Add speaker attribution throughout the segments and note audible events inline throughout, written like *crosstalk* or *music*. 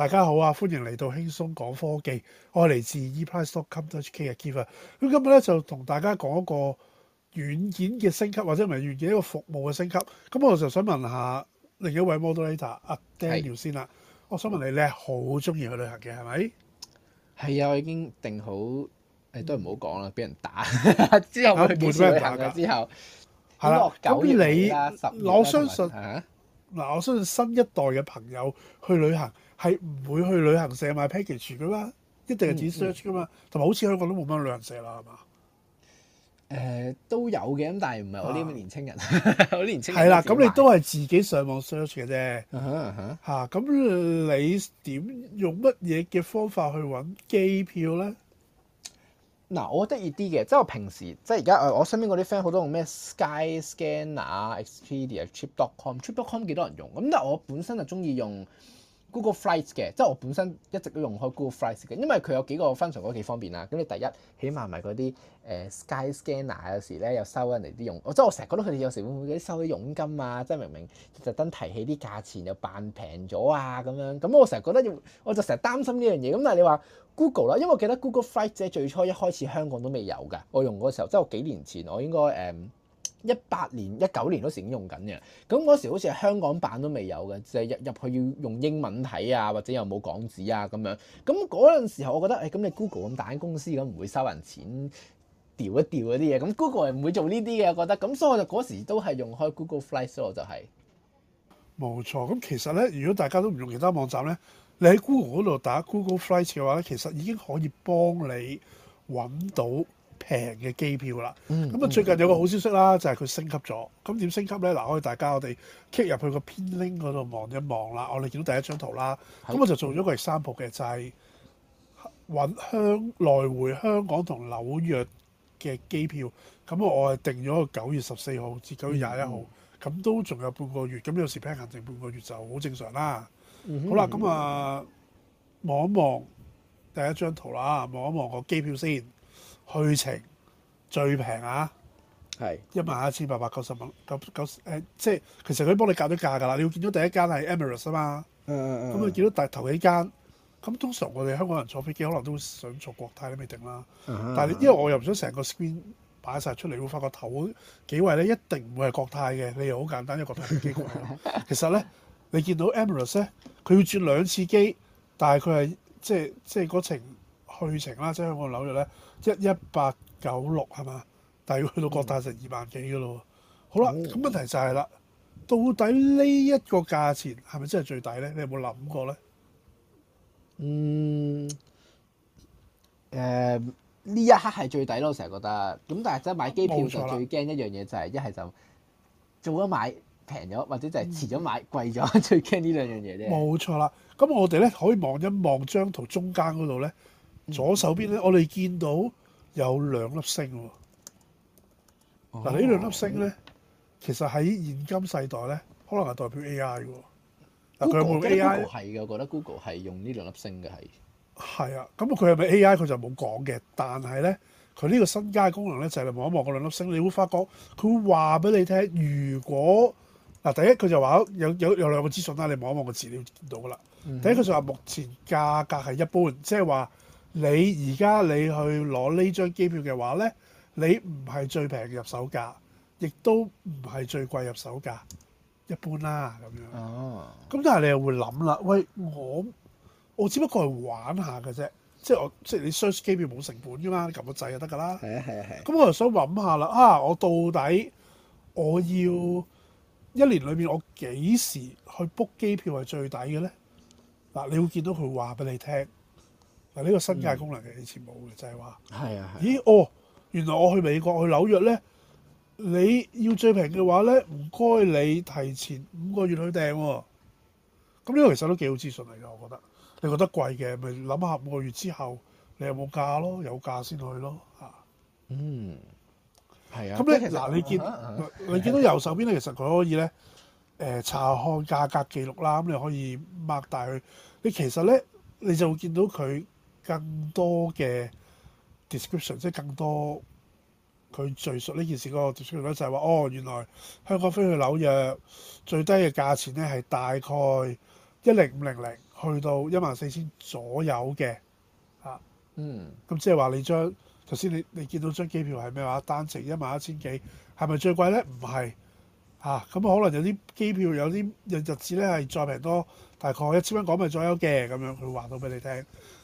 Speaker 1: 大家好啊，歡迎嚟到輕鬆講科技，我係嚟自 eplus.com.hk 嘅 Keva。咁今日咧就同大家講一個軟件嘅升級，或者唔係軟件一個服務嘅升級。咁我就想問下另一位 moderator 阿 Daniel 是先啦。我想問你，你好中意去旅行嘅係咪？
Speaker 2: 係啊，我已經定好誒、哎，都唔好講啦，俾人打之後去幾次旅行咗之後，係啦、啊。咁你，我相信。
Speaker 1: 嗱，我相信新一代嘅朋友去旅行係唔會去旅行社買 package 噶嘛，一定係自己 search 噶嘛。同埋、嗯嗯、好似香港都冇乜旅行社啦，係嘛？誒、呃，都有嘅，咁但係唔係我啲咁嘅
Speaker 2: 年青人，啊、 *laughs* 我年青
Speaker 1: 係啦，咁、啊、你都係自己上網 search 嘅啫。嚇、uh，咁、huh, uh huh. 啊、你點用乜嘢嘅
Speaker 2: 方法去揾機票咧？嗱，我得意啲嘅，即係我平時，即係而家誒，我身邊嗰啲 friend 好多用咩 SkyScanner、Expedia、Trip.com，Trip.com 幾多人用咁，但係我本身就中意用 Google Flights 嘅，即係我本身一直都用開 Google Flights 嘅，因為佢有幾個 function 都幾方便啊。咁你第一，起碼唔係嗰啲誒 Sky Scanner 有時咧又收人嚟啲傭，即係我成日覺得佢哋有時會唔會啲收啲佣金啊？即係明明特登提起啲價錢又扮平咗啊咁樣。咁我成日覺得要，我就成日擔心呢樣嘢。咁但係你話 Google 啦，因為我記得 Google Flights 喺最初一開始香港都未有㗎，我用嗰時候即係我幾年前，我應該誒。嗯一八年、一九年嗰時已經用緊嘅，咁嗰時好似係香港版都未有嘅，就係、是、入入去要用英文睇啊，或者又冇港紙啊咁樣。咁嗰陣時候，我覺得誒，咁、哎、你 Google 咁大間公司咁唔會收人錢，調一調嗰啲嘢，咁 Google 係唔會做呢啲嘅，我覺得。咁所以我就嗰時都係用開 Google Flight，所以我就係、
Speaker 1: 是。冇錯，咁其實咧，如果大家都唔用其他網站咧，你喺 Google 嗰度打 Google Flight 嘅話咧，其實已經可以幫你揾到。平嘅機票啦，咁啊、嗯嗯、最近有個好消息啦，嗯、就係佢升級咗。咁、嗯、點、嗯、升級咧？嗱，可以大家我哋 click 入去個 pinned link 嗰度望一望啦。我哋見到第一張圖啦，咁的我就做咗個 sample 嘅，就係揾香來回香港同紐約嘅機票。咁我我定咗九月十四號至九月廿一號，咁、嗯嗯、都仲有半個月。咁有時 plan 行程半個月就好正常啦。嗯嗯嗯、好啦，咁啊望一望第一張圖啦，望一望個機票先。去程最平啊，係一萬一千八百九十蚊，九九誒，即係其實佢幫你格咗價㗎啦。你會見到第一間係 Emirates 啊嘛，咁你見到大係頭幾間，咁通常我哋香港人坐飛機可能都想坐國泰都未定啦。Uh, uh, uh, 但係因為我又唔想成個 screen 擺晒出嚟，會發覺頭幾位咧一定唔會係國泰嘅。你又好簡單一個飛機位。 *laughs* 其實咧，你見到 Emirates 咧，佢要轉兩次機，但係佢係即係即係嗰程。去程啦，即係香港紐約咧，一一八九六係嘛？但係要去到國泰成二萬幾嘅咯。嗯、好啦，咁問題就係啦，到底呢
Speaker 2: 一個價錢係咪真係最抵咧？你有冇諗過咧？嗯，誒、呃、呢一刻係最抵咯，我成日覺得。咁但係真係買機票就最驚一樣嘢，就係一係就早咗買平咗，或者就係遲咗買貴咗，最
Speaker 1: 驚、就是、呢兩樣嘢咧。冇錯啦。咁我哋咧可以望一望張圖中間嗰度咧。左手邊咧，嗯、我哋見到有兩粒星喎、喔。嗱、
Speaker 2: 啊，兩呢兩粒星咧，
Speaker 1: 哇其實喺現今世代咧，可能係代
Speaker 2: 表 AI 喎。Google AI 係嘅，覺得 Google 係 Go 用呢兩粒星嘅係。
Speaker 1: 係啊，咁佢係咪 AI？佢就冇講嘅。但係咧，佢呢個新加功能咧，就係、是、你望一望嗰兩粒星，你會發覺佢會話俾你聽。如果嗱、啊，第一佢就話有有有，有兩個資訊啦，你望一望個資料，你見到噶啦。嗯、哼第一佢就話目前價格係一般，即係話。你而家你去攞呢張機票嘅話呢，你唔係最平入手價，亦都唔係最貴入手價，一般啦咁樣。咁、oh. 但係你又會諗啦，喂，我我只不過係玩下嘅啫，即係我即係你 search 機票冇成本噶嘛，你撳個掣就得㗎啦。係啊係啊係。咁我就想諗下啦，啊我到底我要一年裏面我幾時去 book 機票係最抵嘅呢？嗱，你會見到佢話俾你聽。嗱，呢個新界功能係以前冇嘅，嗯、就係話，係啊，係。咦，哦，原來我去美國去紐約咧，你要最平嘅話咧，唔該你提前五個月去訂喎。咁呢個其實都幾好資訊嚟嘅，我覺得。你覺得貴嘅，咪諗下五個月之後你有冇價咯，有價先去咯，嚇。嗯，係、嗯、
Speaker 2: 啊。咁咧嗱，實你見、啊、你
Speaker 1: 見到右手邊咧，其實佢可以咧，誒、呃，查看價格記錄啦。咁你可以擘大佢，你其實咧你就會見到佢。更多嘅 description，即係更多佢敘述呢件事個 description 咧，就係話，哦，原來香港飛去紐約最低嘅價錢咧，係大概一零五零零去到一萬四千左右嘅吓。嗯，咁即係話，你將頭先你你見到張機票係咩話，單程一萬一千幾，係咪最貴咧？唔係。嚇咁，啊嗯、可能有啲機票有啲日日子咧，係再平多大概一千蚊港幣左右嘅咁樣，佢話到俾你聽。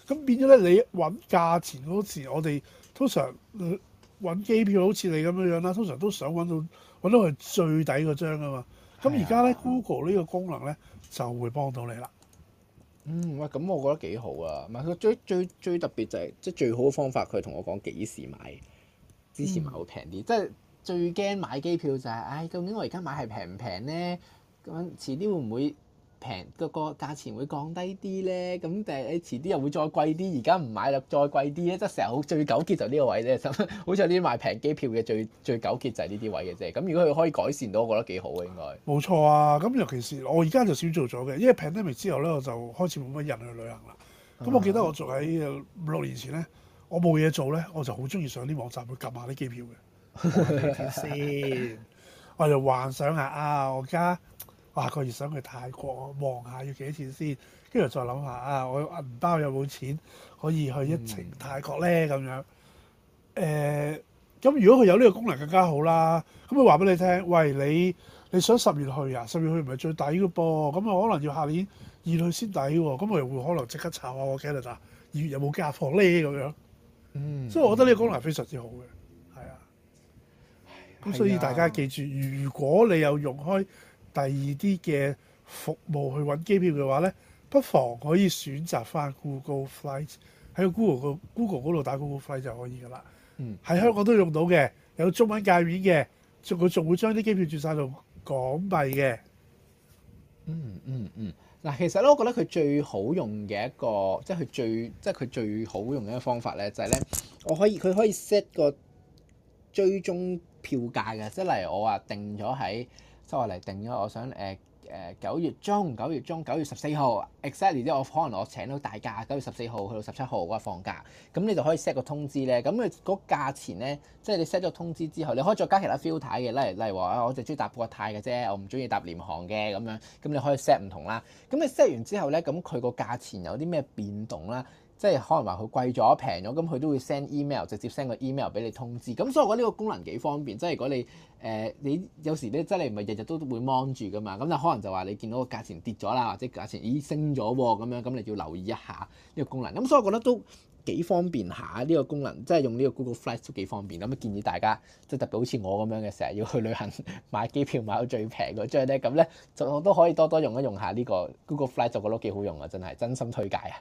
Speaker 1: 咁變咗咧，你揾價錢嗰時，好我哋通常揾、嗯、機票好似你咁樣樣啦，通常都想揾到揾到係最抵嗰張㗎嘛。咁而家咧 Google 呢
Speaker 2: 個功能咧就會幫到你啦。嗯，喂，咁我覺得幾好啊。唔係最最最特別就係、是、即係最好嘅方法。佢同我講幾時買，幾時買好平啲，即係、嗯。最驚買機票就係、是，唉、哎，究竟我而家買係平唔平呢？咁樣遲啲會唔會平，個個價錢會降低啲呢？咁定係誒遲啲又會再貴啲？而家唔買啦，再貴啲呢？即係成日好最糾結就呢個位呢，就 *laughs* 好似啲買平機票嘅最最糾結就係呢啲位嘅啫。咁如果佢可以改善到，我覺得幾好嘅，應該
Speaker 1: 冇錯啊。咁尤其是我而家就少做咗嘅，因為疫情之後呢，我就開始冇乜人去旅行啦。咁我記得我仲喺五六年前呢，我冇嘢做呢，我就好中意上啲網站去撳下啲機票嘅。 *laughs* 先？我嚟幻想下啊，我而家下個月想去泰國，望下要幾多錢先。跟住再諗下啊，我銀包有冇錢可以去一程泰國咧？咁樣誒，咁、欸、如果佢有呢個功能更加好啦。咁我話俾你聽，喂，你你想十月去啊？十月去唔係最抵嘅噃，咁我可能要下年二月去先抵喎。咁我又會可能即刻查下我 Canada 二月有冇假放咧？咁樣，嗯， *laughs* 所以我覺得呢個功能非常之好嘅。咁所以大家記住，如果你有用開第二啲嘅服務去揾機票嘅話呢，不妨可以選擇翻 Google Flight 喺 Google 個 Google 嗰度打 Google Flight 就可以噶啦、嗯。嗯，喺香港都用到嘅，有中文界面嘅，仲佢仲會將啲機票轉晒到港幣嘅、
Speaker 2: 嗯。嗯嗯嗯，嗱，其實呢，我覺得佢最好用嘅一個，即係佢最，即係佢最好用嘅一個方法呢、就係，嗯嗯嗯、法就係、係、呢，我可以，佢可以 set 個追蹤。票價嘅，即係例如我話定咗喺，即係我嚟定咗，我想誒誒九月中，九月中，九月十四號，exactly 之後，我可能我請到大假，九月十四號去到十七號嗰日放假，咁你就可以 set 個通知咧，咁佢個價錢咧，即係你 set 咗通知之後，你可以再加其他 filter 嘅，例如例如話我就中意搭國泰嘅啫，我唔中意搭廉航嘅咁樣，咁你可以 set 唔同啦，咁你 set 完之後咧，咁佢個價錢有啲咩變動啦，即係可能話佢貴咗、平咗，咁佢都會 send email，直接 send 個 email 俾你通知。咁所以我覺得呢個功能幾方便。即係如果你誒、呃、你有時咧，即係你唔係日日都會 mon 住噶嘛。咁就可能就話你見到個價錢跌咗啦，或者價錢咦升咗喎咁樣，咁你要留意一下呢個功能。咁所以我覺得都幾方便下呢、呢個功能，即係用呢個 Google Flights 都幾方便。咁建議大家即係特別好似我咁樣嘅，成日要去旅行買機票買到最平嘅，即係咧咁咧就我都可以多多用一用一下呢、呢個 Google Flights，就覺得都幾好用啊！真係真，真心推介啊！